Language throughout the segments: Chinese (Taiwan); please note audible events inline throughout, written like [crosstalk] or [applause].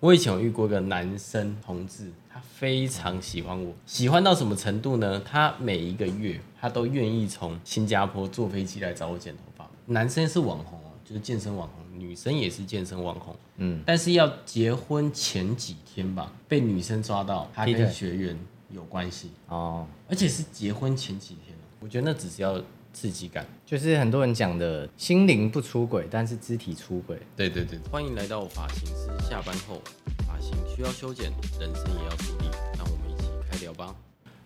我以前有遇過一個男生同志，他非常喜歡我，喜歡到什麼程度呢？他每一個月他都願意從新加坡坐飛機來找我剪頭髮。男生是網紅，就是健身網紅，女生也是健身網紅。嗯，但是要結婚前幾天吧，被女生抓到，他跟學員有關係哦，而且是結婚前幾天，我覺得那只是要。刺激感就是很多人講的心靈不出軌，但是肢體出軌。對對對，歡迎來到我髮型師下班後髮型需要修剪，人生也要梳理。那我們一起開聊吧。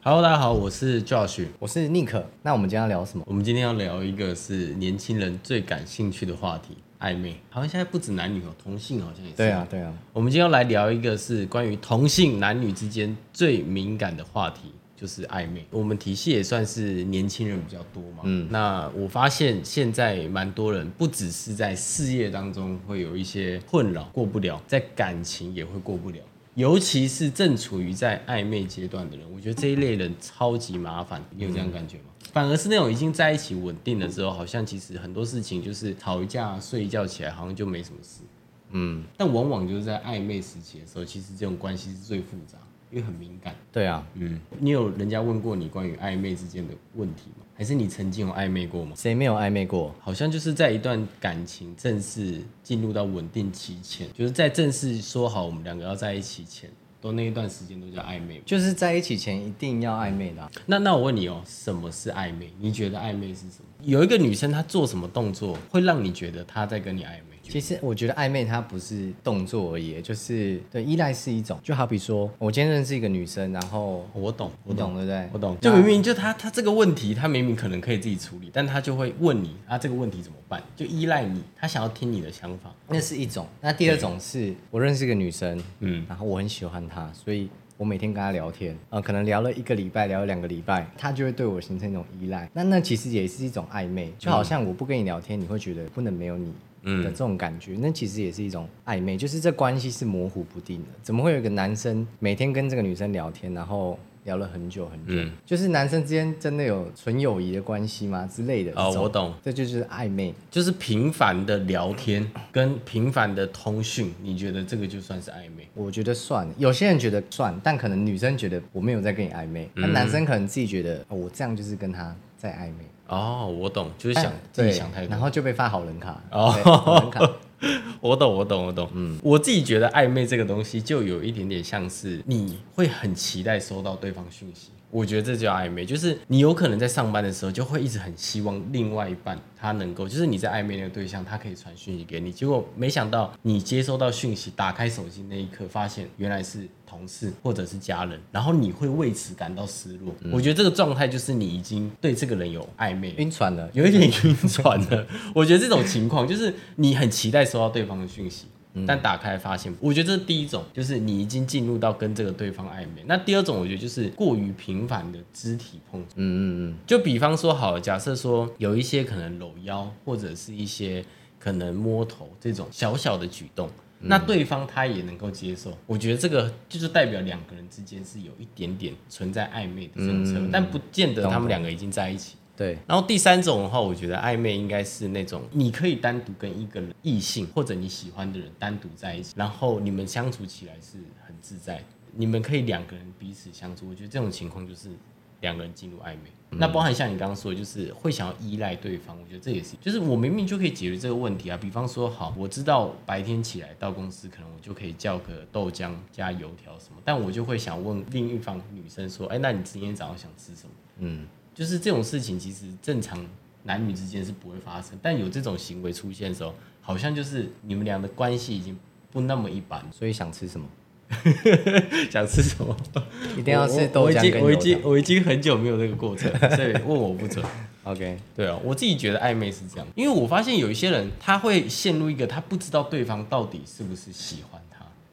Hello，大家好，我是 Josh，我是 Nick。那我們今天要聊什麼？我們今天要聊一個是年輕人最感興趣的話題——曖昧。好像現在不止男女哦，同性好像也是。對啊，對啊。我們今天要來聊一個是關於同性男女之間最敏感的話題。就是曖昧，我們體系也算是年輕人比較多嘛。嗯，那我發現現在蠻多人，不只是在事業當中會有一些困擾過不了，在感情也會過不了。尤其是正處於在曖昧階段的人，我覺得這一類人超級麻煩。你、嗯、有這樣感覺嗎？反而是那種已經在一起穩定了之後，好像其實很多事情就是吵一架、睡一覺起來，好像就沒什麼事。嗯，但往往就是在曖昧時期的時候，其實這種關係是最複雜的。因為很敏感，對啊，嗯，你有人家問過你關於曖昧之間的問題嗎？還是你曾經有曖昧過嗎？誰沒有曖昧過？好像就是在一段感情正式進入到穩定期前，就是在正式說好我們兩個要在一起前，都那一段時間都叫曖昧。就是在一起前一定要曖昧的啊。那那我問你哦，什麼是曖昧？你覺得曖昧是什麼？有一個女生她做什麼動作會讓你覺得她在跟你曖昧？其實我覺得曖昧它不是動作而已，就是對依賴是一種，就好比說，我今天認識一個女生，然後我懂，我懂，懂對不對？我懂，那就明明就她，她這個問題，她明明可能可以自己處理，但她就會問你啊，這個問題怎麼辦？就依賴你，她想要聽你的想法，那對是一種。那第二種是，對我認識一個女生，嗯，然後我很喜歡她，所以我每天跟她聊天，啊、呃，可能聊了一個禮拜，聊了兩個禮拜，她就會對我形成一種依賴。那那其實也是一種曖昧，就好像我不跟你聊天，你會覺得不能沒有你。嗯，的這種感覺，那其實也是一種曖昧，就是這關係是模糊不定的。怎麼會有一個男生每天跟這個女生聊天，然後聊了很久很久？嗯、就是男生之間真的有純友誼的關係嗎？之類的。哦，這種、我懂，這就是曖昧，就是頻繁的聊天跟頻繁的通訊，你覺得這個就算是曖昧？我覺得算了，有些人覺得算，但可能女生覺得我沒有在跟你曖昧，那、嗯、男生可能自己覺得、哦、我這樣就是跟他在曖昧。哦，我懂，就是想自己想太多，欸、然後就被發好人卡。哦、好人卡， [laughs] 我懂，我懂，我懂。嗯，我自己覺得曖昧這個東西，就有一點點像是你會很期待收到對方訊息。我覺得這叫曖昧，就是你有可能在上班的時候就會一直很希望另外一半他能夠，就是你在曖昧那個對象，他可以傳訊息給你。結果沒想到你接收到訊息，打開手機那一刻，發現原來是同事或者是家人，然後你會為此感到失落。嗯，我覺得這個狀態就是你已經對這個人有曖昧，暈船了，有一點暈船了。 [laughs] 我覺得這種情況就是你很期待收到對方的訊息。但打開發現，我覺得這是第一種，就是你已經進入到跟這個對方曖昧。那第二種，我覺得就是過於頻繁的肢體碰觸。嗯嗯嗯，就比方說好了，假設說有一些可能摟腰或者是一些可能摸頭這種小小的舉動，那對方他也能夠接受，我覺得這個就是代表兩個人之間是有一點點存在曖昧的徵兆，但不見得他們兩個已經在一起。嗯嗯嗯嗯嗯對，然後第三種的話，我覺得曖昧應該是那種你可以單獨跟一個異性或者你喜歡的人單獨在一起，然後你們相處起來是很自在，你們可以兩個人彼此相處。我覺得這種情況就是兩個人進入曖昧，嗯、那包含像你剛剛說，就是會想要依賴對方。我覺得這也是，就是我明明就可以解決這個問題啊。比方說，好，我知道白天起來到公司，可能我就可以叫個豆漿加油條什麼，但我就會想問另一方女生說，哎，那你今天早上想吃什麼？嗯。就是這種事情，其實正常男女之間是不會發生，但有這種行為出現的時候，好像就是你們倆的關係已經不那麼一般，所以想吃什麼？ [laughs] 想吃什麼？一定要吃豆漿跟油條。我,我已經我已經我已經,我已經很久沒有這個過程，所以問我不準。 [laughs] OK，對啊、喔，我自己覺得曖昧是這樣，因為我發現有一些人他會陷入一個他不知道對方到底是不是喜歡。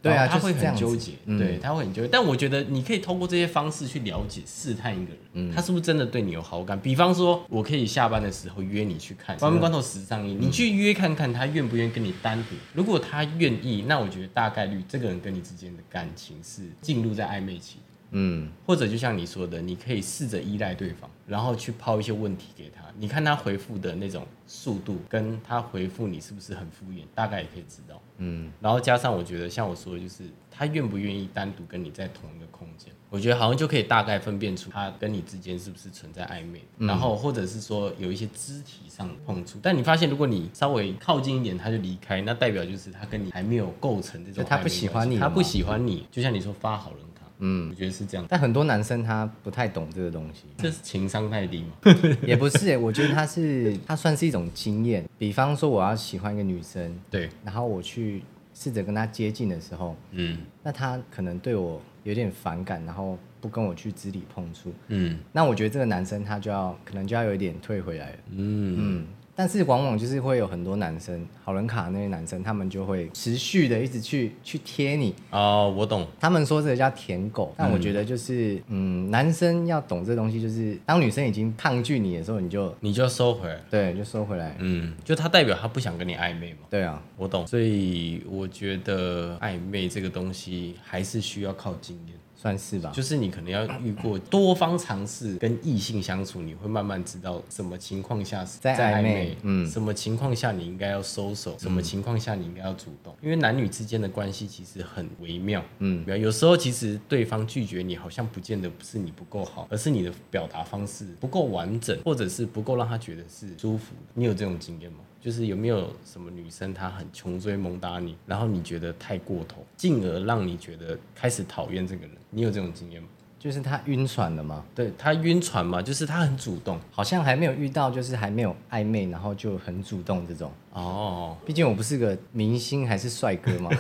對啊，他會很糾結，對，嗯、他會很糾結。但我覺得你可以通過這些方式去了解、試、嗯、探一個人，他是不是真的對你有好感。比方說，我可以下班的時候約你去看，關鍵、嗯、關頭時尚衣，嗯、你去約看看他願不願意跟你單獨。如果他願意，那我覺得大概率這個人跟你之間的感情是進入在曖昧期。嗯，或者就像你說的，你可以試着依賴對方，然後去拋一些問題給他，你看他回復的那種速度，跟他回復你是不是很敷衍，大概也可以知道。嗯，然後加上我覺得像我說的，就是他願不願意單獨跟你在同一個空間，我覺得好像就可以大概分辨出他跟你之間是不是存在曖昧。嗯，然後或者是說有一些肢體上碰觸，但你發現如果你稍微靠近一點，他就離開，那代表就是他跟你還沒有構成這種。他不喜歡你，他不喜歡你，就像你說發好人。嗯，我覺得是這樣，但很多男生他不太懂這個東西，嗯、這是情商太低嗎？也不是，我覺得他是 [laughs] 他算是一種經驗。比方說，我要喜歡一個女生，對，然後我去試着跟她接近的時候，嗯，那他可能對我有點反感，然後不跟我去肢體碰觸，嗯，那我覺得這個男生他就要可能就要有一點退回來了，嗯。嗯但是往往就是會有很多男生好人卡那些男生，他們就會持續的一直去去貼你啊、呃，我懂。他們說這個叫舔狗，但我覺得就是嗯，嗯，男生要懂這東西，就是當女生已經抗拒你的時候，你就你就要收回來，對，就收回來，嗯，就他代表他不想跟你曖昧嘛。對啊，我懂。所以我覺得曖昧這個東西還是需要靠經驗。算是吧，就是你可能要遇過多方嘗試跟異性相處，你會慢慢知道什麼情況下是在曖昧，嗯，什麼情況下你應該要收手，什麼情況下你應該要主動，因為男女之間的關係其實很微妙，嗯，嗯，有時候其實對方拒絕你，好像不見得不是你不夠好，而是你的表達方式不夠完整，或者是不夠讓他覺得是舒服。你有這種經驗嗎？就是有沒有什麼女生她很窮追猛打你，然後你覺得太過頭，進而讓你覺得開始討厭這個人，你有這種經驗嗎？就是他暈船了嗎？對，他暈船嘛，就是他很主動，好像還沒有遇到，就是還沒有曖昧，然後就很主動這種。哦，oh. 畢竟我不是個明星，還是帥哥嘛。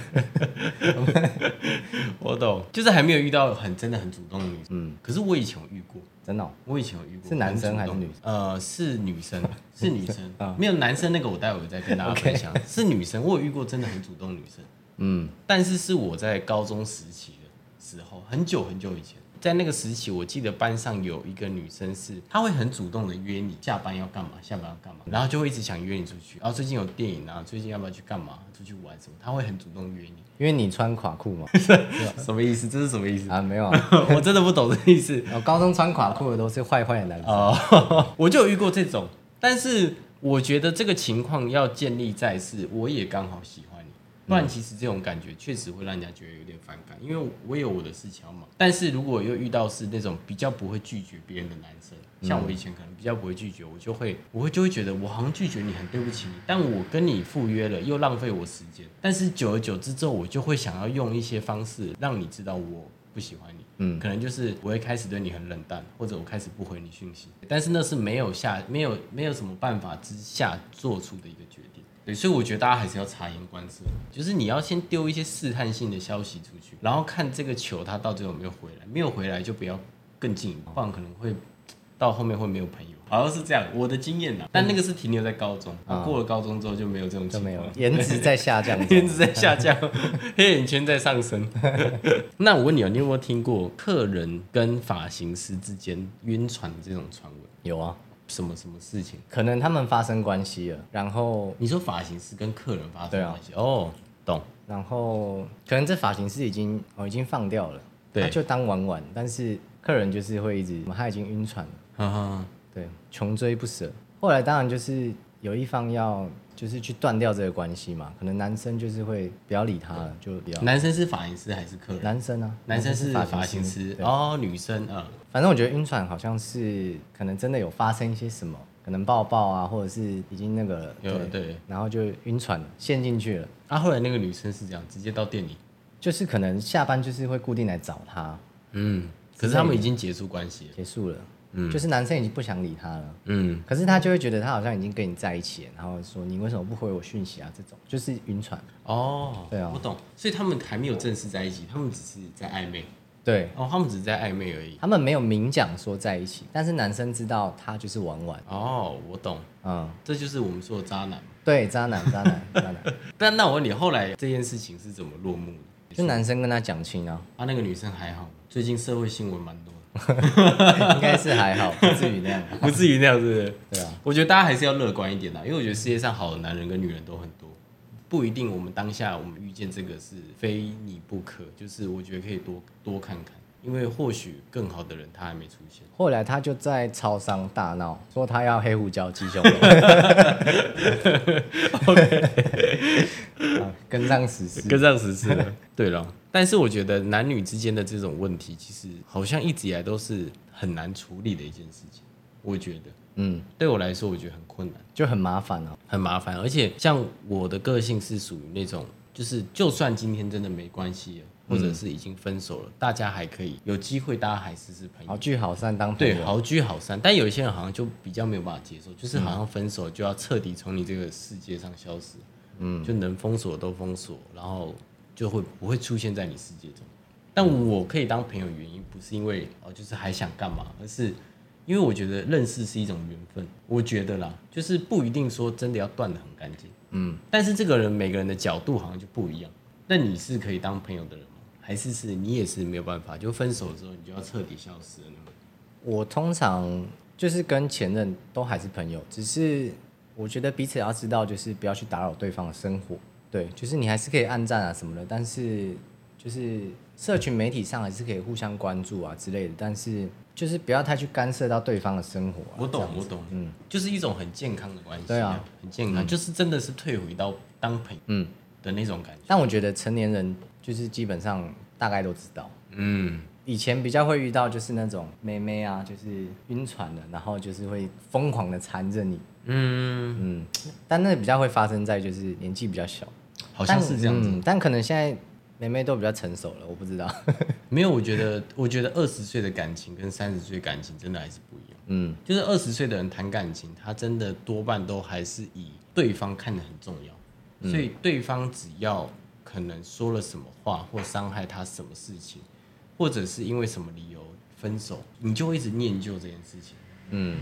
[laughs] [laughs] 我懂，就是還沒有遇到很真的很主動的女生。嗯，可是我以前有遇過，真的、哦，我以前有遇過。是男生還是，還是女生？呃，是女生，是女生。啊， [laughs] 沒有男生那個，我待會再跟大家分享。Okay. 是女生，我有遇過真的很主動女生。嗯，但是是我在高中時期的時候，很久很久以前。在那個時期，我記得班上有一個女生是，她會很主動的約你下班要幹嘛，下班要幹嘛，然後就會一直想約你出去。然後最近有電影啊，最近要不要去幹嘛，出去玩什麼？她會很主動約你，因為你穿垮褲嘛吧，什麼意思？這是什麼意思？啊，沒有啊， [laughs] 我真的不懂這意思。啊，高中穿垮褲的都是壞壞的男生啊，oh. [laughs] 我就有遇過這種。但是我覺得這個情況要建立在是，我也剛好喜歡。不然其實這種感覺確實會讓人家覺得有點反感，因為我有我的事情要忙。但是如果又遇到是那種比較不會拒絕別人的男生，像我以前可能比較不會拒絕，我就會我會就會覺得我好像拒絕你很對不起你，但我跟你赴約了又浪費我時間。但是久而久之之後，我就會想要用一些方式讓你知道我不喜歡你。嗯，可能就是我會開始對你很冷淡，或者我開始不回你訊息。但是那是沒有下沒有沒有什麼辦法之下做出的一個決定。對，所以我覺得大家還是要察言觀色，就是你要先丟一些試探性的消息出去，然後看這個球它到最後有沒有回來，沒有回來就不要更進一步，不然可能會到後面會沒有朋友，好像是這樣，我的經驗啊。但那個是停留在高中，過了高中之後就沒有這種、嗯啊、就沒有，顏，對 [laughs] 值在下降，顏值在下降，黑眼圈在上升。 [laughs] 那我問你哦，你有沒有聽過客人跟髮型師之間暈船的這種傳聞？有啊。什麼什麼事情？可能他們發生關係了，然後你說髮型師跟客人發生關係，對啊、哦，懂。然後可能這髮型師已經哦已經放掉了，對他就當玩玩。但是客人就是會一直，他已經暈船了哈對，窮追不捨。後來當然就是有一方要就是去斷掉這個關係嘛，可能男生就是會不要理他了，對就比較。男生是髮型師還是客？男生啊，男生是髮型師哦。女生啊，嗯嗯、反正我覺得暈船好像是可能真的有發生一些什麼，可能抱抱啊，或者是已經那個了，有對，對然後就暈船了，陷進去了。那、啊、後來那個女生是這樣，直接到店裡，就是可能下班就是會固定來找他。嗯，可是他們已經結束關係了，結束了。嗯，就是男生已經不想理他了，嗯，可是他就會覺得他好像已經跟你在一起，然後說你為什麼不回我訊息啊？這種就是暈船。哦，對啊，我懂。所以他們還沒有正式在一起，嗯、他們只是在曖昧。對，哦，他們只是在曖昧而已，他們沒有明講說在一起，但是男生知道他就是玩玩。哦，我懂，嗯，這就是我們說的渣男。對，渣男，渣男， [laughs] 渣男。但那我問你，後來這件事情是怎麼落幕的？是男生跟他講清啊，啊那個女生還好，最近社會新聞蠻多， [laughs] [laughs] 應該是還好，不至於那樣， [laughs] 不至於那樣，是不是？對啊，我覺得大家還是要樂觀一點啦、啊，因為我覺得世界上好的男人跟女人都很多，不一定我們當下我們遇見這個是非你不可，就是我覺得可以多多看看。因為或許更好的人他還沒出現。後來他就在超商大鬧，說他要黑胡椒雞胸肉。OK，跟上時事，跟上時事。 [laughs] 對了，但是我覺得男女之間的這種問題，其實好像一直以來都是很難處理的一件事情。我覺得，嗯，對我來說，我覺得很困難，就很麻煩哦，很麻煩。而且像我的個性是屬於那種，就是就算今天真的沒關係。或者是已經分手了，嗯、大家還可以有機會，大家還是是朋友，好聚好散當朋友。對，好聚好散，但有一些人好像就比較沒有辦法接受，嗯、就是好像分手就要徹底從你這個世界上消失，嗯，就能封鎖都封鎖，然後就會不會出現在你世界中。但我可以當朋友原因不是因為哦，就是還想幹嘛，而是因為我覺得認識是一種緣分，我覺得啦，就是不一定說真的要斷得很乾淨，嗯，但是這個人每個人的角度好像就不一樣，但你是可以當朋友的人。還是是你也是沒有辦法，就分手之後你就要徹底消失了那麼。我通常就是跟前任都還是朋友，只是我覺得彼此要知道，就是不要去打擾對方的生活。對，就是你還是可以按讚啊什麼的，但是就是社群媒體上還是可以互相關注啊之類的，但是就是不要太去干涉到對方的生活、啊。我懂，我懂，嗯，就是一種很健康的關係、啊，對啊，很健康，嗯、就是真的是退回到當朋友嗯的那種感覺、嗯。但我覺得成年人。就是基本上大概都知道，嗯，以前比較會遇到就是那種妹妹啊，就是暈船的，然後就是會瘋狂的纏着你，嗯嗯，但那比較會發生在就是年紀比較小，好像是這樣子，但，嗯、但可能現在妹妹都比較成熟了，我不知道， [laughs] 沒有，我覺得我覺得二十歲的感情跟三十歲感情真的還是不一樣，嗯，就是二十歲的人談感情，他真的多半都還是以對方看得很重要，嗯、所以對方只要。可能說了什麼話，或傷害他什麼事情，或者是因為什麼理由分手，你就會一直念舊這件事情。嗯，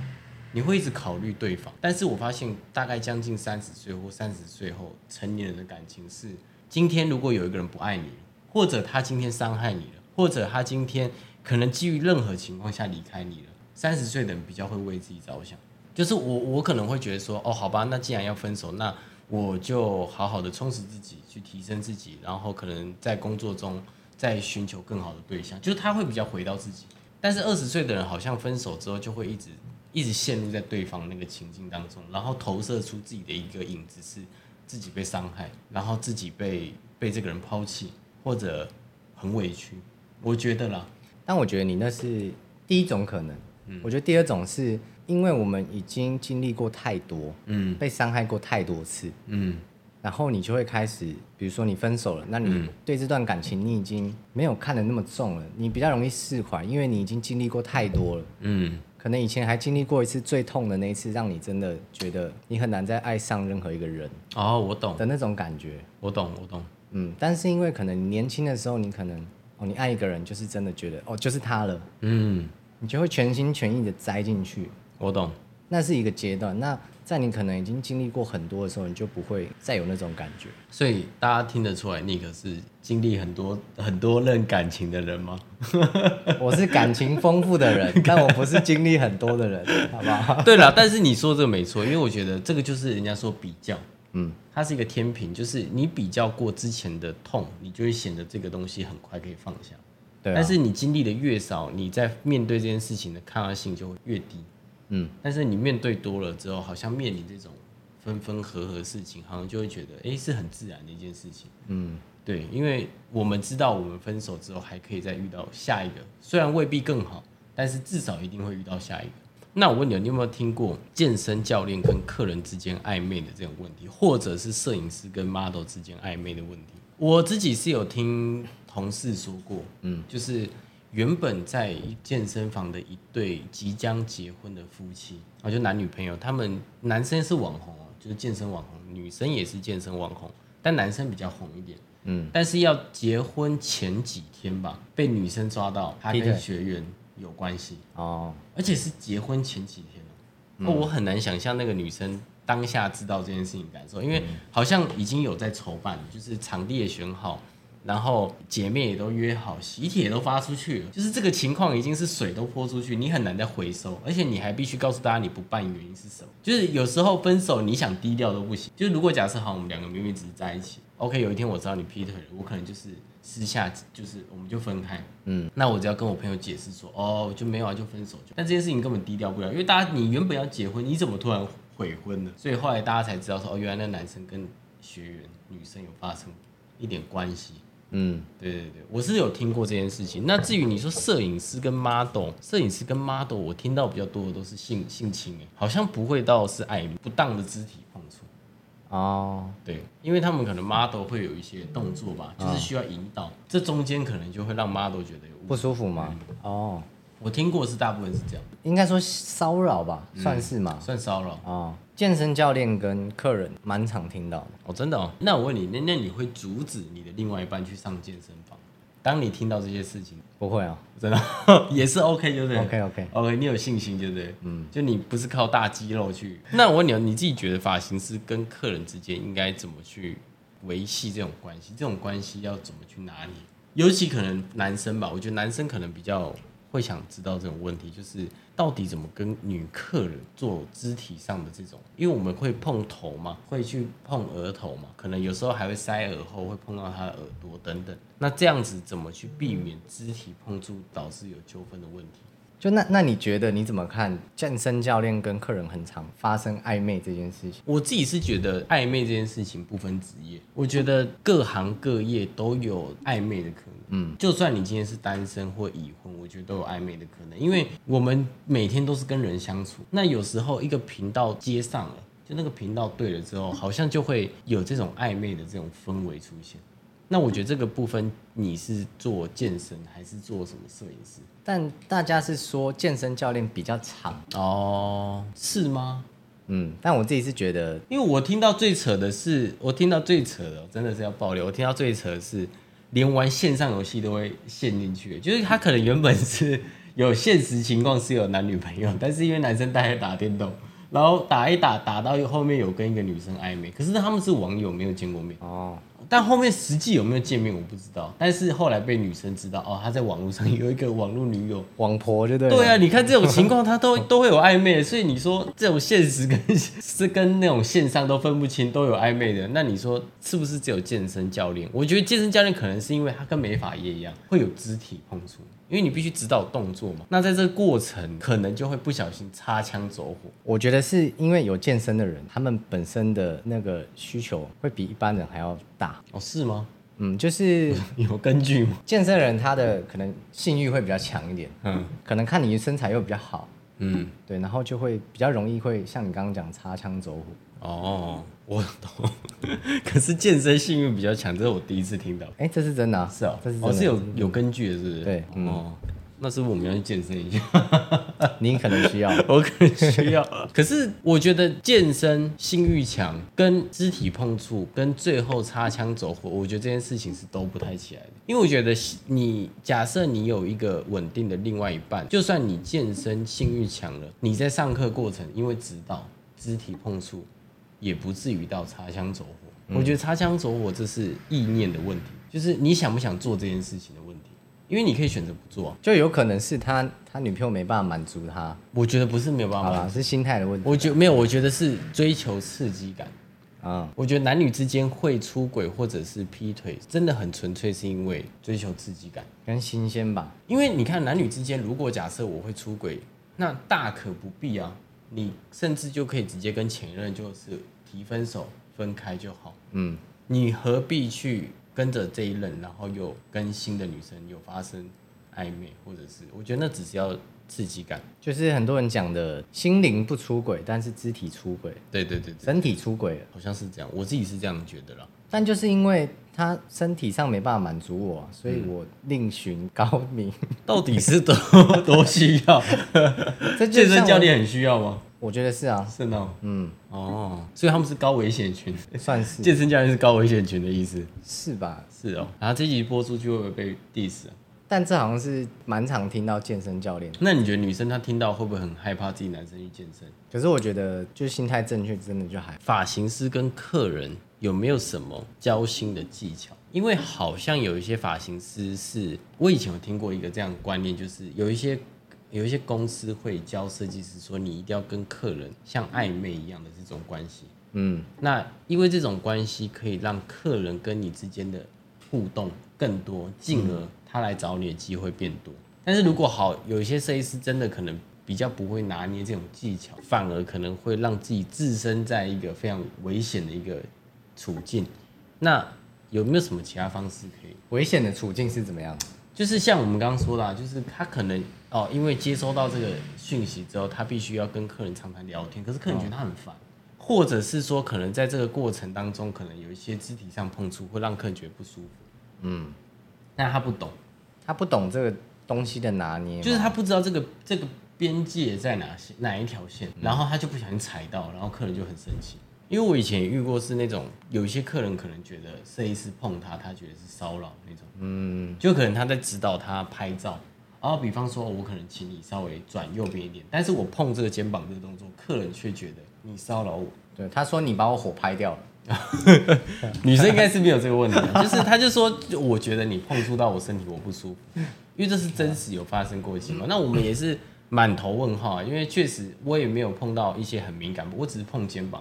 你會一直考慮對方。但是我發現，大概將近三十歲或三十歲後，成年人的感情是：今天如果有一個人不愛你，或者他今天傷害你了，或者他今天可能基於任何情況下離開你了，三十歲的人比較會為自己着想。就是我，我可能會覺得說：哦，好吧，那既然要分手，那。我就好好的充實自己，去提升自己，然後可能在工作中再尋求更好的對象，就是他會比較回到自己。但是二十歲的人好像分手之後就會一直一直陷入在對方那個情境當中，然後投射出自己的一個影子，是自己被傷害，然後自己被被這個人拋棄或者很委屈。我覺得啦，但我覺得你那是第一種可能，嗯，我覺得第二種是。因為我們已經經歷過太多，嗯，被傷害過太多次，嗯，然後你就會開始，比如說你分手了，那你對這段感情你已經沒有看得那麼重了，你比較容易釋懷，因為你已經經歷過太多了，嗯，可能以前還經歷過一次最痛的那一次，讓你真的覺得你很難再愛上任何一個人。哦，我懂的那種感覺，哦，我懂，我懂。我懂。嗯，但是因為可能年輕的時候，你可能，哦，你愛一個人就是真的覺得，哦，就是他了，嗯，你就會全心全意的栽進去。我懂，那是一個階段。那在你可能已經經歷過很多的時候，你就不會再有那種感覺。所以大家聽得出來，你可是經歷很多、嗯、很多任感情的人嗎？ [laughs] 我是感情豐富的人，你看 但我不是經歷很多的人， [laughs] 好不好？對了，但是你說這個沒錯，因為我覺得這個就是人家說比較，嗯，它是一個天平，就是你比較過之前的痛，你就會顯得這個東西很快可以放下。對，啊，但是你經歷的越少，你在面對這件事情的抗壓性就會越低。嗯，但是你面對多了之後，好像面臨這種分分合合的事情，好像就會覺得，誒，是很自然的一件事情。嗯，對，因為我們知道，我們分手之後還可以再遇到下一個，雖然未必更好，但是至少一定會遇到下一個。那我問你，你有沒有聽過健身教練跟客人之間曖昧的這種問題，或者是攝影師跟 model 之間曖昧的問題？我自己是有聽同事說過，嗯，就是。原本在一健身房的一對即將結婚的夫妻啊，就男女朋友，他們男生是網紅，就是健身網紅，女生也是健身網紅，但男生比較紅一點。嗯，但是要結婚前幾天吧，被女生抓到他跟學員有關係哦，對對對，而且是結婚前幾天哦，我很難想象那個女生當下知道這件事情感受，因為好像已經有在籌辦，就是場地也選好。然後姐妹也都約好，喜帖也都發出去了，就是這個情況已經是水都潑出去，你很難再回收，而且你還必須告訴大家你不辦原因是什麼。就是有時候分手你想低調都不行，就是如果假設好，我們兩個明明只是在一起，OK，有一天我知道你劈腿了，我可能就是私下就是我們就分開，嗯，那我只要跟我朋友解釋說，哦，就沒有啊，就分手就。但這件事情根本低調不了，因為大家你原本要結婚，你怎麼突然悔婚了？所以後來大家才知道說，哦，原來那男生跟學員女生有發生一點關係。嗯，對對對，我是有聽過這件事情。那至於你說攝影師跟 model，攝影師跟 model，我聽到比較多的都是性性侵，好像不會到是愛不當的肢體碰觸。哦，對，因為他們可能 model 會有一些動作吧，就是需要引導，哦、這中間可能就會讓 model 覺得有不舒服嗎、嗯、哦。我聽過是大部分是這樣，應該說騷擾吧，嗯、算是嗎？算騷擾啊、哦！健身教練跟客人蠻常聽到的哦，真的哦。那我問你，那那你會阻止你的另外一半去上健身房？當你聽到這些事情，不會啊，真的 [laughs] 也是 OK，就是 OK OK OK，你有信心對不對？嗯，就你不是靠大肌肉去。那我問你，你自己覺得髮型師跟客人之間應該怎麼去維繫這種關係？這種關係要怎麼去拿捏？尤其可能男生吧，我覺得男生可能比較。會想知道這種問題，就是到底怎麼跟女客人做肢體上的這種，因為我們會碰頭嘛，會去碰額頭嘛，可能有時候還會塞耳後，會碰到她的耳朵等等。那這樣子怎麼去避免肢體碰觸導致有糾紛的問題？就那那你覺得你怎麼看健身教練跟客人很常發生曖昧這件事情？我自己是覺得曖昧這件事情不分職業，我覺得各行各業都有曖昧的可能。嗯，就算你今天是單身或已婚，我覺得都有曖昧的可能，因為我們每天都是跟人相處。那有時候一個頻道接上了，欸，就那個頻道對了之後，好像就會有這種曖昧的這種氛圍出現。那我覺得這個部分你是做健身還是做什麼攝影師？但大家是說健身教練比較長哦，是嗎？嗯，但我自己是覺得，因為我聽到最扯的是，我聽到最扯的真的是要爆料。我聽到最扯的是，連玩線上遊戲都會陷進去的，就是他可能原本是有現實情況是有男女朋友，但是因為男生帶來打電動，然後打一打打到後面有跟一個女生曖昧，可是他們是網友，沒有見過面哦。但後面實際有沒有見面我不知道，但是後來被女生知道哦，他在網絡上有一個網絡女友網婆，就對。對啊，你看這種情況，他都 [laughs] 都會有曖昧，所以你說這種現實跟是跟那種線上都分不清，都有曖昧的，那你說是不是只有健身教練？我覺得健身教練可能是因為他跟美髮業一樣會有肢體碰觸。因為你必須指導動作嘛，那在這個過程可能就會不小心擦槍走火。我覺得是因為有健身的人，他們本身的那個需求會比一般人還要大。哦，是嗎？嗯，就是 [laughs] 有根據嗎？健身的人他的可能性慾會比較強一點，嗯，可能看你身材又比較好。嗯，對，然後就會比較容易會像你剛剛講擦槍走火哦，我懂。可是健身性慾比較強，這是我第一次聽到。哎，這是真的？是啊，這是真的。哦是有有根據的是不是？是對，嗯、哦。那是不是我們要去健身一下？ [laughs] 你可能需要，我可能需要。 [laughs] 可是我覺得健身性慾強、跟肢體碰觸、跟最後擦槍走火，我覺得這件事情是都不太起來的。因為我覺得你假設你有一個穩定的另外一半，就算你健身性慾強了，你在上課過程因為指導肢體碰觸，也不至於到擦槍走火。嗯、我覺得擦槍走火這是意念的問題，就是你想不想做這件事情的問題。因為你可以選擇不做，啊，就有可能是他他女朋友沒辦法滿足他，我覺得不是沒有辦法，啊，是心態的問題。我覺得沒有，我覺得是追求刺激感啊。我覺得男女之間會出軌或者是劈腿，真的很純粹是因為追求刺激感跟新鮮吧。因為你看男女之間，如果假設我會出軌，那大可不必啊。你甚至就可以直接跟前任就是提分手，分開就好。嗯，你何必去？跟着這一任，然後又跟新的女生又發生曖昧，或者是我覺得那只是要刺激感，就是很多人講的心靈不出軌，但是肢體出軌。對對對對，身體出軌好像是這樣，我自己是這樣覺得啦，但就是因為他身體上沒辦法滿足我、啊，所以我另尋高明。嗯、 [laughs] 到底是多多需要健身 [laughs] 教練很需要嗎？我覺得是啊，是哦呢。嗯，哦，所以他們是高危險群，算是 [laughs] 健身教練是高危險群的意思，是吧？是哦，然後這集播出去會不會被 diss、啊嗯、但這好像是蠻常聽到健身教練，那你覺得女生她聽到會不會很害怕自己男生去健身？可是我覺得就心態正確，真的就還好。髮型師跟客人有沒有什麼交心的技巧？因為好像有一些髮型師是，我以前有聽過一個這樣的觀念，就是有一些。有一些公司會教設計師說：“你一定要跟客人像曖昧一樣的這種關係。”嗯，那因為這種關係可以讓客人跟你之間的互動更多，進而他來找你的機會變多。但是如果好，有一些設計師真的可能比較不會拿捏這種技巧，反而可能會讓自己置身在一個非常危險的一個處境。那有沒有什麼其他方式可以危險的處境是怎麼樣的？就是像我們剛剛說的，就是他可能哦，因為接收到這個訊息之後，他必須要跟客人長談聊天，可是客人覺得他很煩，或者是說可能在這個過程當中，可能有一些肢體上碰觸會讓客人覺得不舒服。嗯，但他不懂，他不懂這個東西的拿捏，就是他不知道這個這個邊界在哪些哪一條線，然後他就不小心踩到，然後客人就很生氣。因為我以前遇過是那種有一些客人可能覺得攝影師碰他，他覺得是騷擾那種。嗯，就可能他在指導他拍照，然後比方說我可能請你稍微轉右邊一點，但是我碰這個肩膀這個動作，客人卻覺得你騷擾我。對，他說你把我火拍掉了。 [laughs] 女生應該是沒有這個問題，就是他就說我覺得你碰觸到我身體我不舒服，因為這是真實有發生過的情況。那我們也是滿頭問號啊，因為確實我也沒有碰到一些很敏感，我只是碰肩膀。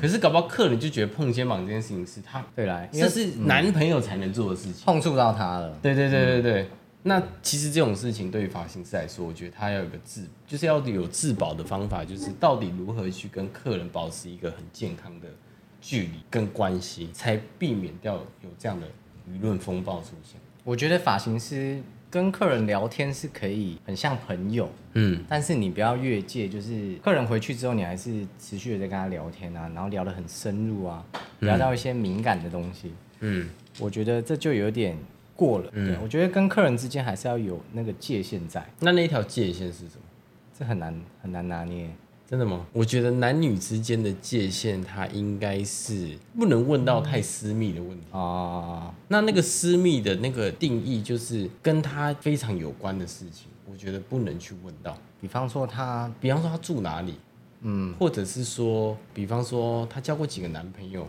可是搞不好客人就覺得碰肩膀這件事情是他對來，這是男朋友才能做的事情，碰觸到他了。對對對對對，對，那其實這種事情對於髮型師來說，我覺得他要有個自，就是要有自保的方法，就是到底如何去跟客人保持一個很健康的距離跟關係，才避免掉有這樣的輿論風暴出現。我覺得髮型師。跟客人聊天是可以很像朋友，嗯，但是你不要越界，就是客人回去之後，你還是持續的在跟他聊天啊，然後聊得很深入啊，聊到一些敏感的東西，嗯，我覺得這就有點過了，嗯，對，我覺得跟客人之間還是要有那個界限在，那那一條界限是什麼？嗯，這很難很難拿捏。真的嗎？我覺得男女之間的界限，他應該是不能問到太私密的問題。嗯，啊。那那個私密的那個定義，就是跟他非常有關的事情，我覺得不能去問到。比方說他，比方說他住哪裡，嗯，或者是說，比方說他交過幾個男朋友，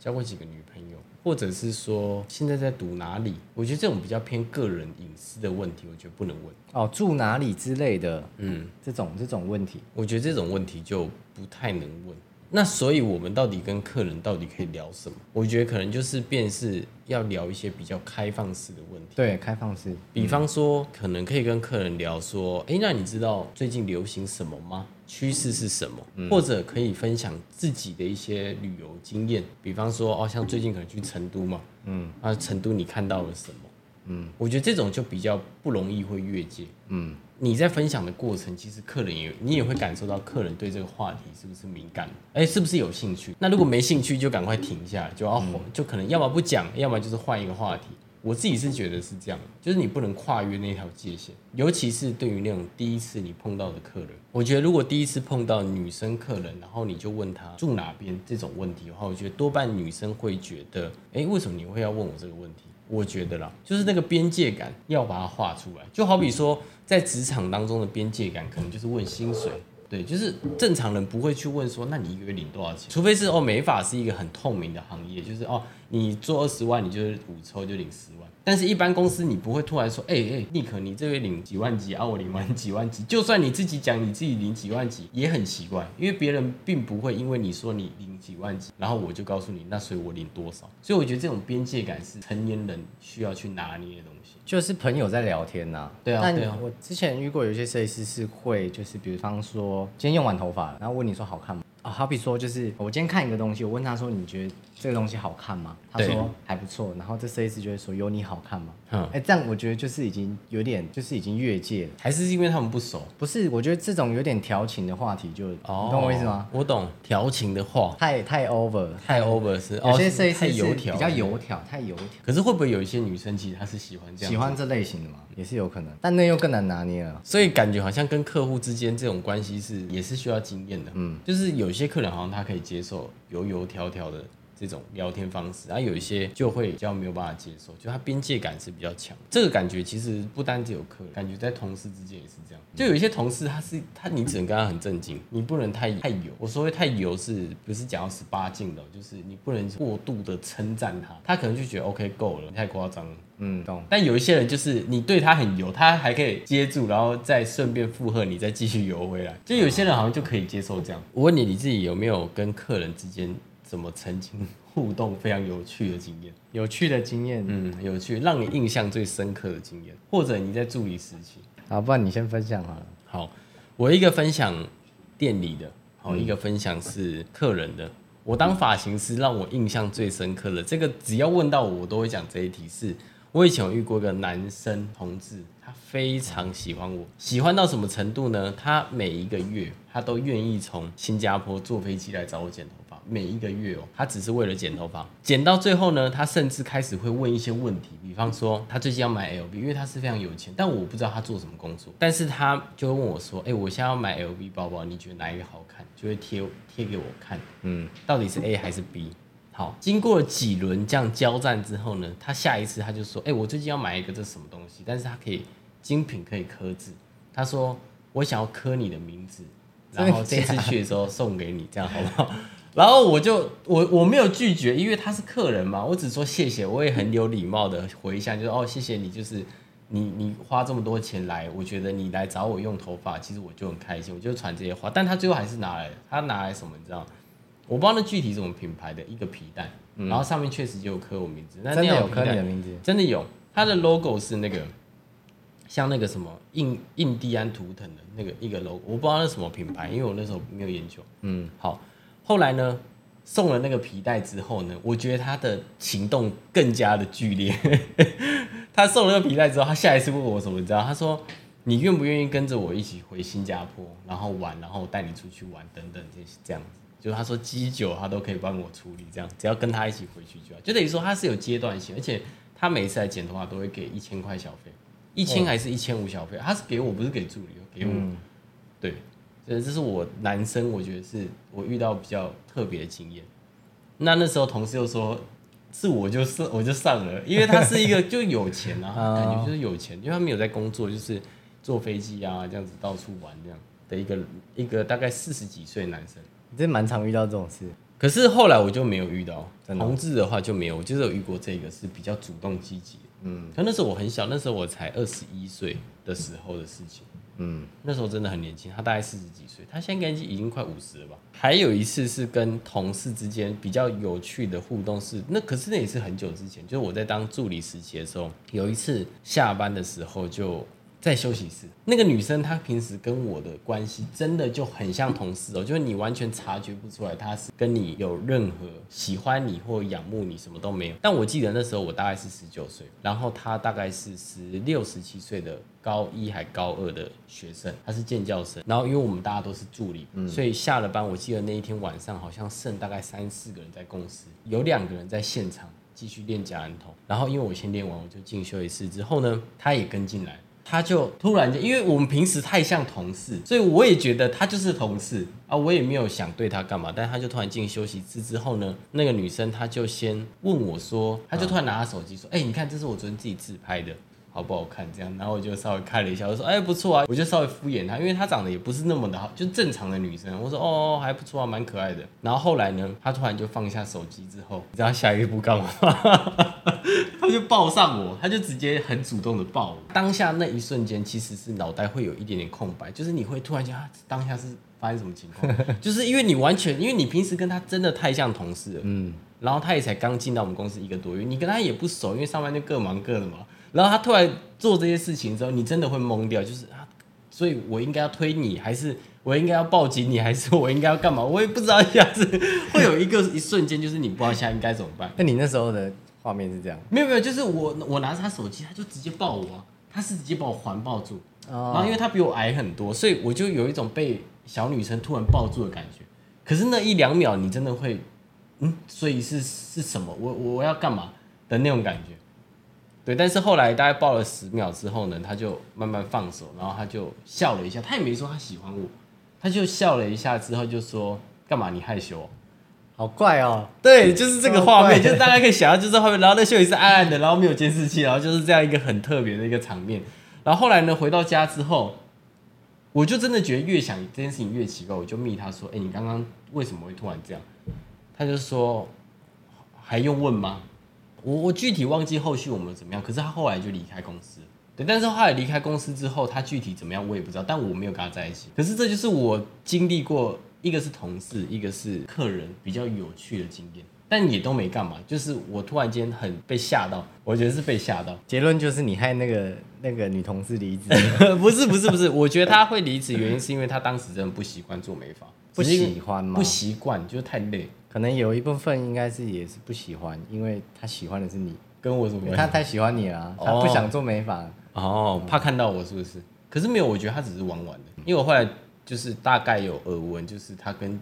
交過幾個女朋友。或者是說現在在讀哪裡？我覺得這種比較偏個人隱私的問題，我覺得不能問哦。住哪裡之類的，嗯，這種這種問題，我覺得這種問題就不太能問。那所以，我們到底跟客人到底可以聊什麼？我覺得可能就是，便是要聊一些比較開放式的問題。對，開放式。比方說，嗯、可能可以跟客人聊說：“誒，那你知道最近流行什麼嗎？趨勢是什麼？”嗯、或者可以分享自己的一些旅遊經驗。比方說，哦，像最近可能去成都嘛，嗯，啊，成都你看到了什麼？嗯，我覺得這種就比較不容易會越界，嗯。你在分享的過程，其實客人也你也會感受到客人對這個話題是不是敏感，哎，是不是有興趣？那如果沒興趣，就趕快停下來，就要齁，就可能要麼不講，要麼就是換一個話題。我自己是覺得是這樣，就是你不能跨越那條界限，尤其是對於那種第一次你碰到的客人，我覺得如果第一次碰到女生客人，然後你就問她住哪邊這種問題的話，我覺得多半女生會覺得，哎，為什麼你會要問我這個問題？我覺得啦，就是那個邊界感要把它畫出來，就好比說在職場當中的邊界感，可能就是問薪水，對，就是正常人不會去問說，那你一個月領多少錢？除非是哦，美髮是一個很透明的行業，就是哦，你做二十萬，你就是五抽就領十萬。但是，一般公司你不會突然說，哎、欸、哎、尼、欸、克，你這月領幾萬幾，啊？我領完幾萬幾。就算你自己講你自己領幾萬幾，也很奇怪，因為別人並不會因為你說你領幾萬幾，然後我就告訴你那所以我領多少。所以我覺得這種邊界感是成年人需要去拿捏的東西。就是朋友在聊天吶、啊，對啊，你對啊。我之前遇過有些設計師是會，就是比方說，今天用完頭髮了，然後問你說好看嗎？啊、哦，好比說就是我今天看一個東西，我問他說你覺得。這個東西好看嗎？他說還不錯。然後這設計師就會說：“有你好看嗎？”嗯對，哎、欸，這樣我覺得就是已經有點，就是已經越界了。還是因為他們不熟？不是，我覺得這種有點調情的話題就，就、哦、你懂我意思嗎？我懂調情的話，太太 over，太 over 是、哦、有些設計師太油條比較油條、哦，太油條、欸。油條可是會不會有一些女生其實她是喜歡這樣，喜歡這類型的嘛，也是有可能，但那又更難拿捏了。所以感覺好像跟客戶之間這種關係是也是需要經驗的。嗯，就是有些客人好像他可以接受油油條條的。這種聊天方式，然後有一些就會比較沒有辦法接受，就他邊界感是比較強。這個感覺其實不單只有客人，感覺在同事之間也是這樣。就有一些同事他是，他是他，你只能跟他很正經，你不能太太油。我說會太油，是不是講到十八禁的？就是你不能過度的稱讚他，他可能就覺得 OK 夠了，太誇張了。嗯，懂。但有一些人就是你對他很油，他還可以接住，然後再順便附和你，再繼續油回來。就有些人好像就可以接受這樣。我問你，你自己有沒有跟客人之間？怎麼曾經互動非常有趣的經驗？有趣的經驗，嗯，有趣，讓你印象最深刻的經驗，或者你在助理時期，好，不然你先分享好了。好，我一個分享店裡的，好，一個分享是客人的。我當髮型師，讓我印象最深刻的、嗯、這個，只要問到我，我都會講這一題是。是我以前有遇過一個男生同志，他非常喜歡我，喜歡到什麼程度呢？他每一個月，他都願意從新加坡坐飛機來找我剪頭。每一個月哦、喔，他只是為了剪頭髮，剪到最後呢，他甚至開始會問一些問題，比方說他最近要買 LV，因為他是非常有錢，但我不知道他做什麼工作，但是他就會問我說，誒、欸，我現在要買 LV 包包，你覺得哪一個好看？就會貼貼給我看，嗯，到底是 A 還是 B？好，經過幾輪這樣交戰之後呢，他下一次他就說，誒、欸，我最近要買一個這什麼東西，但是他可以精品可以刻字，他說我想要刻你的名字，然後這次去的時候送給你，這樣，這樣好不好？ [laughs] 然後我就我我沒有拒絕，因為他是客人嘛，我只說謝謝，我也很有禮貌的回一下，就是哦，謝謝你，就是你你花這麼多錢來，我覺得你來找我用頭髮，其實我就很開心，我就傳這些話。但他最後還是拿來，他拿來什麼？你知道？我不知道那具體什麼品牌的一個皮帶，嗯、然後上面確實就有刻我名字，但那真的有刻你的名字，真的有。它的 logo 是那個、嗯、像那個什麼印印第安圖騰的那個一個 logo，我不知道那什麼品牌，因為我那時候沒有研究。嗯，好。後來呢，送了那個皮帶之後呢，我覺得他的行動更加的劇烈。 [laughs] 他送了那個皮帶之後，他下一次問我什麼，你知道？他說：“你願不願意跟着我一起回新加坡，然後玩，然後帶你出去玩，等等這些這樣子。”就是他說機酒他都可以幫我處理，這樣只要跟他一起回去就好，就等於說他是有階段性，而且他每次來剪頭髮都會給一千塊小費，一千還是一千五小費？他是給我，不是給助理，給我，嗯、對。所以這是我男生，我覺得是我遇到比較特別的經驗。那那時候同事又說，是我就是我就上了，因為他是一個就有錢啊， [laughs] 感覺就是有錢，因為他沒有在工作，就是坐飛機啊這樣子到處玩這樣的一個一個大概四十幾歲男生，你真蠻常遇到這種事。可是後來我就沒有遇到，同志的話就沒有，我就是有遇過這個是比較主動積極。嗯，可那時候我很小，那時候我才二十一歲的時候的事情。嗯，那時候真的很年輕，他大概四十幾歲，他現在年紀已經快五十了吧。還有一次是跟同事之間比較有趣的互動是，那可是那也是很久之前，就是我在當助理時期的時候，有一次下班的時候就。在休息室，那個女生她平時跟我的關係真的就很像同事哦，就是你完全察覺不出來她是跟你有任何喜歡你或仰慕你什麼都沒有。但我記得那時候我大概是十九歲，然後她大概是十六、十七歲的高一還高二的學生，她是建教生。然後因為我們大家都是助理，嗯、所以下了班，我記得那一天晚上好像剩大概三四個人在公司，有兩個人在現場繼續練假人頭，然後因為我先練完，我就進休息室之後呢，她也跟進來。他就突然間，因為我們平時太像同事，所以我也覺得他就是同事啊，我也沒有想對他幹嘛。但他就突然進休息室之後呢，那個女生他就先問我說，他就突然拿他手機說：“哎，你看，這是我昨天自己自拍的。”好不好看？這樣，然後我就稍微看了一下，我說：“哎，不錯啊！”我就稍微敷衍她，因為她長得也不是那麼的好，就正常的女生。我說：“哦，哦，還不錯啊，蠻可愛的。”然後後來呢，她突然就放下手機之後，你知道下一步幹嘛？她就抱上我，她就直接很主動的抱我。當下那一瞬間，其實是腦袋會有一點點空白，就是你會突然間她、啊、當下是發生什麼情況？就是因為你完全，因為你平時跟她真的太像同事了，嗯。然後她也才剛進到我們公司一個多月，你跟她也不熟，因為上班就各忙各的嘛。然後他突然做這些事情之後，你真的會懵掉，就是啊，所以我應該要推你，還是我應該要抱緊你，還是我應該要幹嘛？我也不知道，一下子會有一個一瞬間，就是你不知道下應該怎麼辦。那 [laughs] 你那時候的畫面是這樣？沒有沒有，就是我我拿着他手機，他就直接抱我、啊，他是直接把我環抱住，然後因為他比我矮很多，所以我就有一種被小女生突然抱住的感覺。可是那一兩秒，你真的會嗯，所以是是什麼？我我要幹嘛的那種感覺？對，但是後來大概抱了十秒之後呢，他就慢慢放手，然後他就笑了一下，他也沒說他喜歡我，他就笑了一下之後就說：“幹嘛你害羞？好怪哦。”對，就是這個畫面，就是大家可以想象就是畫面，然後那秀也是暗暗的，然後沒有監視器，然後就是這樣一個很特別的一個場面。然後後來呢，回到家之後，我就真的覺得越想這件事情越奇怪，我就密他說：“哎，你剛剛為什麼會突然這樣？”他就說：“還用問嗎？”我我具體忘記後續我們怎麼樣，可是他後來就離開公司，對。但是後來離開公司之後，他具體怎麼樣我也不知道，但我沒有跟他在一起。可是這就是我經歷過一個是同事，一個是客人，比較有趣的經驗，但也都沒幹嘛。就是我突然間很被嚇到，我覺得是被嚇到。結論就是你害那個那個女同事離職， [laughs] 不是不是不是。我覺得她會離職原因是因為她當時真的不習慣做美髮，不喜歡嗎？不習慣，就是太累。可能有一部分應該是也是不喜歡，因為他喜歡的是你，跟我怎麼樣？他太喜歡你了，啊，他不想做美髮哦，哦，怕看到我是不是？嗯、可是沒有，我覺得他只是玩玩的。因為我後來就是大概有耳聞，就是他跟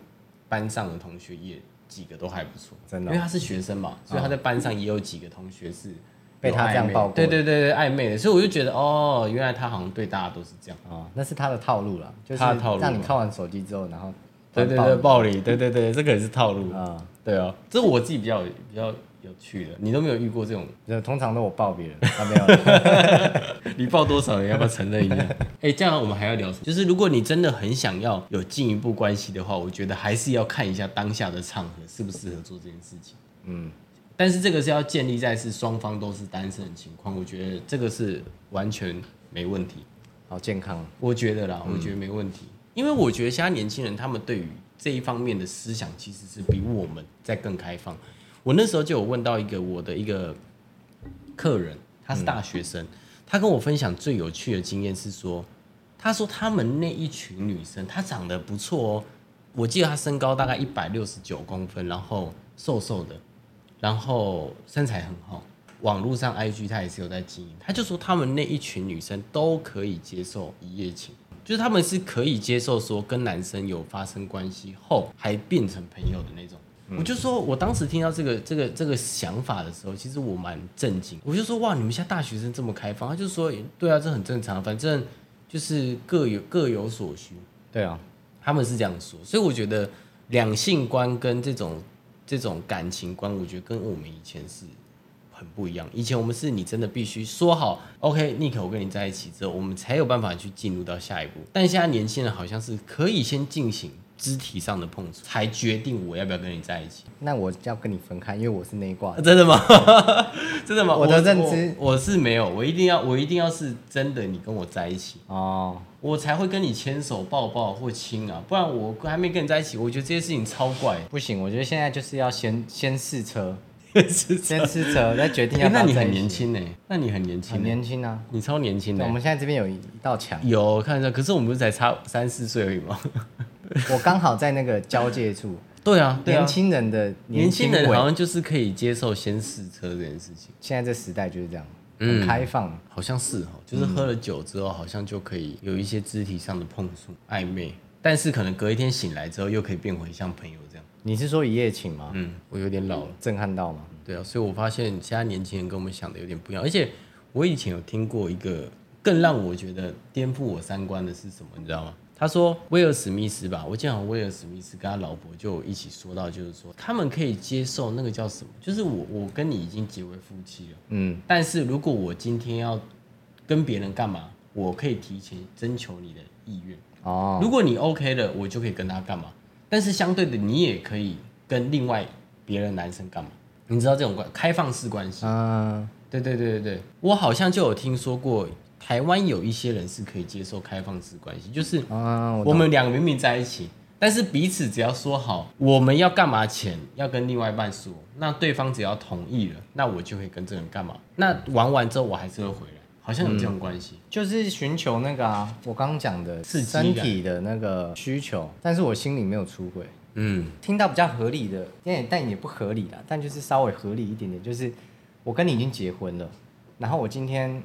班上的同學也幾個都還不錯，真的，因為他是學生嘛，嗯、所以他在班上也有幾個同學是被他這樣抱過、對對對對曖昧的，所以我就覺得哦，原來他好像對大家都是這樣啊。嗯哦，那是他的套路了，就是他的套路，讓你看完手機之後，啊，然後。對對對，暴力，對對對，這個也是套路啊。嗯、對啊，這我自己比較比較有趣的，你都沒有遇過這種，通常都我抱別人，他沒有。 [laughs] [laughs] 你抱多少你要不要承認一下？哎、 [laughs] 欸，這樣、啊、我們還要聊什麼，就是如果你真的很想要有進一步關係的話，我覺得還是要看一下當下的場合適不適合做這件事情。嗯，但是這個是要建立在是雙方都是單身的情況，我覺得這個是完全沒問題，好健康。我覺得啦，我覺得沒問題。嗯因為我覺得現在年輕人他們對於這一方面的思想其實是比我們再更開放。我那時候就有問到一個我的一個客人，他是大學生，他跟我分享最有趣的經驗是說，他說他們那一群女生，她長得不錯哦，我記得她身高大概一百六十九公分，然後瘦瘦的，然後身材很好，網絡上 IG 她也是有在經營，他就說他們那一群女生都可以接受一夜情。就是他們是可以接受說跟男生有發生關係後還變成朋友的那種。我就說我當時聽到這個、這個、這個想法的時候，其實我蠻震驚。我就說哇，你們現在大學生這麼開放？他就說對啊，這很正常，反正就是各有各有所需。對啊，他們是這樣說。所以我覺得兩性觀跟這種這種感情觀，我覺得跟我們以前是很不一樣。以前我們是你真的必須說好，OK，Nick，我跟你在一起之後，我們才有辦法去進入到下一步。但現在年輕人好像是可以先進行肢體上的碰觸，才決定我要不要跟你在一起。那我要跟你分開，因為我是那一卦、啊。真的嗎？ [laughs] 真的嗎？我的認知我我，我是沒有。我一定要，我一定要是真的，你跟我在一起哦，oh. 我才會跟你牽手、抱抱或親啊。不然我還沒跟你在一起，我覺得這些事情超怪。不行，我覺得現在就是要先先試車。先試車， [laughs] 車，再決定要不要。那你很年輕呢？那你很年輕，欸，那你很年輕，欸，啊！你超年輕的，欸。我們現在這邊有一道牆，有看一下。可是我們不是才差三四歲而已嗎？ [laughs] 我剛好在那個交界處。對啊，對啊，年輕人的年，年輕人好像就是可以接受先試車這件事情。現在這時代就是這樣，很開放。嗯，好像是哦，喔。就是喝了酒之後，嗯，好像就可以有一些肢體上的碰觸曖昧，但是可能隔一天醒來之後，又可以變回像朋友。你是說一夜情嗎？嗯，我有點老了，嗯、震撼到嗎？對啊，所以我發現現在年輕人跟我們想的有點不一樣。而且我以前有聽過一個更讓我覺得顛覆我三觀的是什麼，你知道嗎？他說威爾史密斯吧，我見威爾史密斯跟他老婆就一起說到，就是說他們可以接受那個叫什麼？就是我我跟你已經結為夫妻了，嗯，但是如果我今天要跟別人幹嘛，我可以提前徵求你的意願哦。如果你 OK 的，我就可以跟他幹嘛。但是相對的，你也可以跟另外別人男生幹嘛。你知道這種關開放式關係？嗯，對對對對對，對，我好像就有聽說過台灣有一些人是可以接受開放式關係，就是我們兩個明明在一起，但是彼此只要說好我們要幹嘛，前要跟另外一半說，那對方只要同意了，那我就會跟這個人幹嘛，那玩完之後我還是會回來。好像有這種關係、嗯，就是尋求那個啊，我剛講的，身體的那個需求，但是我心裡沒有出軌。嗯，聽到比較合理的，但也不合理啦，但就是稍微合理一點點，就是我跟你已經結婚了，然後我今天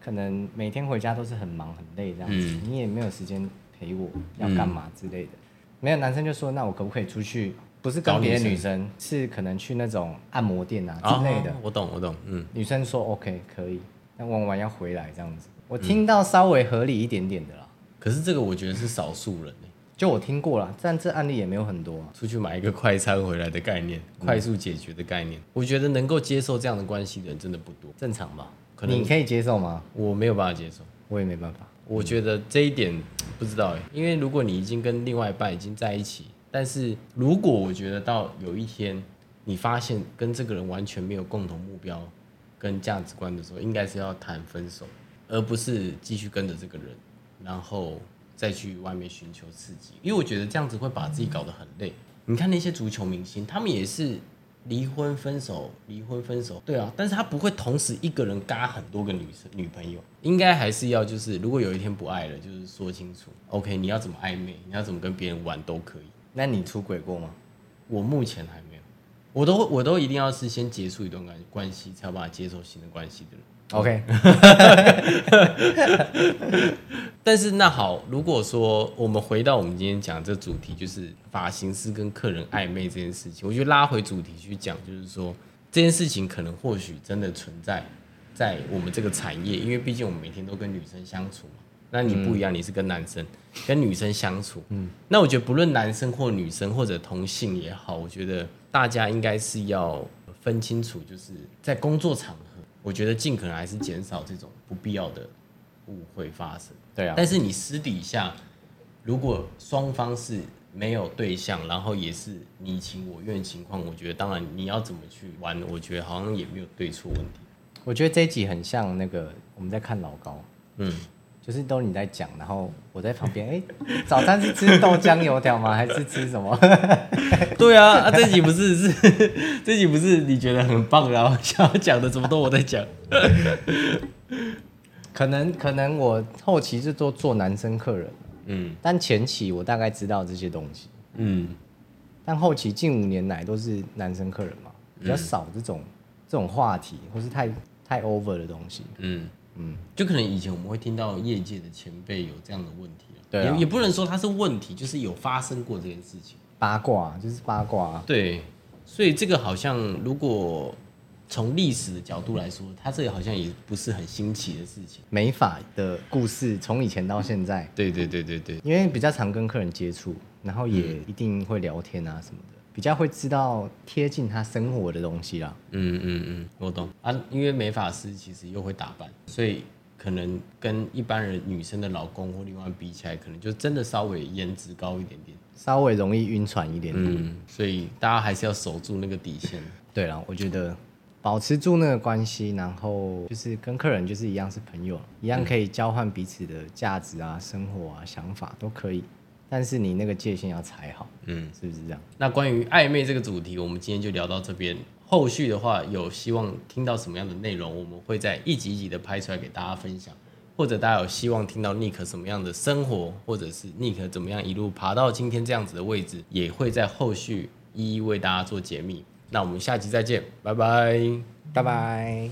可能每天回家都是很忙很累這樣子，嗯、你也沒有時間陪我，要幹嘛之類的。嗯、沒有男生就說，那我可不可以出去？不是跟別的女生，是可能去那種按摩店啊之類的。啊、我懂，我懂，嗯。女生說 OK，可以。.玩完，完要回來這樣子，我聽到稍微合理一點點的啦。嗯、可是這個我覺得是少數人，就我聽過啦，但這案例也沒有很多。啊，出去買一個快餐回來的概念，嗯、快速解決的概念，我覺得能夠接受這樣的關係的人真的不多，正常吧？可能你可以接受嗎？我沒有辦法接受，我也沒辦法。我覺得這一點、嗯、不知道誒，因為如果你已經跟另外一半已經在一起，但是如果我覺得到有一天你發現跟這個人完全沒有共同目標。跟價值觀的時候，應該是要談分手，而不是繼續跟着這個人，然後再去外面尋求刺激。因為我覺得這樣子會把自己搞得很累。嗯、你看那些足球明星，他們也是離婚分手，離婚分手，對啊。但是他不會同時一個人嘎很多個女生女朋友，應該還是要就是，如果有一天不愛了，就是說清楚。OK，你要怎麼曖昧，你要怎麼跟別人玩都可以。那你出軌過嗎？我目前還沒有。我都我都一定要是先結束一段關關係，才有辦法接受新的關係的人 OK， [laughs] 但是那好，如果說我們回到我們今天講的這主題，就是髮型師跟客人曖昧這件事情，我就拉回主題去講，就是說這件事情可能或許真的存在在我們這個產業，因為畢竟我們每天都跟女生相處嘛。那你不一樣，嗯、你是跟男生跟女生相處，嗯，那我覺得不論男生或女生或者同性也好，我覺得。大家應該是要分清楚，就是在工作場合，我覺得盡可能還是減少這種不必要的誤會發生。對啊，但是你私底下，如果雙方是沒有對象，然後也是你情我願情況，我覺得當然你要怎麼去玩，我覺得好像也沒有對錯問題。我覺得這一集很像那個我們在看老高。嗯。就是都你在講，然後我在旁邊。哎、欸，早餐是吃豆漿油條嗎？ [laughs] 還是吃什麼？ [laughs] 對啊，啊，這集不是，是這集不是你覺得很棒，然後想要講的，怎麼都我在講。 [laughs] 可能可能我後期是做做男生客人，嗯，但前期我大概知道這些東西，嗯，但後期近五年來都是男生客人嘛，比較少這種、嗯、這種話題，或是太太 over 的東西，嗯。嗯，就可能以前我們會聽到業界的前輩有這樣的問題，對、啊，也不能說它是問題，就是有發生過這件事情，八卦就是八卦、啊，對，所以這個好像如果從歷史的角度來說，它這個好像也不是很新奇的事情，美髮的故事從以前到現在，對對對對對，因為比較常跟客人接觸，然後也一定會聊天啊什麼的。比較會知道貼近他生活的東西啦。嗯嗯嗯，我懂啊，因為美髮師其實又會打扮，所以可能跟一般人女生的老公或另外一半比起來，可能就真的稍微顏值高一點點，稍微容易暈船一點點。嗯，所以大家還是要守住那個底線。對啦，我覺得保持住那個關係，然後就是跟客人就是一樣是朋友，一樣可以交換彼此的價值啊、生活啊、想法都可以。但是你那個界限要踩好，嗯，是不是這樣？那關於曖昧這個主題，我們今天就聊到這邊。後續的話，有希望聽到什麼樣的內容，我們會再一集一集的拍出來給大家分享。或者大家有希望聽到 Nick 什麼樣的生活，或者是 Nick 怎麼樣一路爬到今天這樣子的位置，也會在後續一一為大家做解密。那我們下期再見，拜拜，拜拜。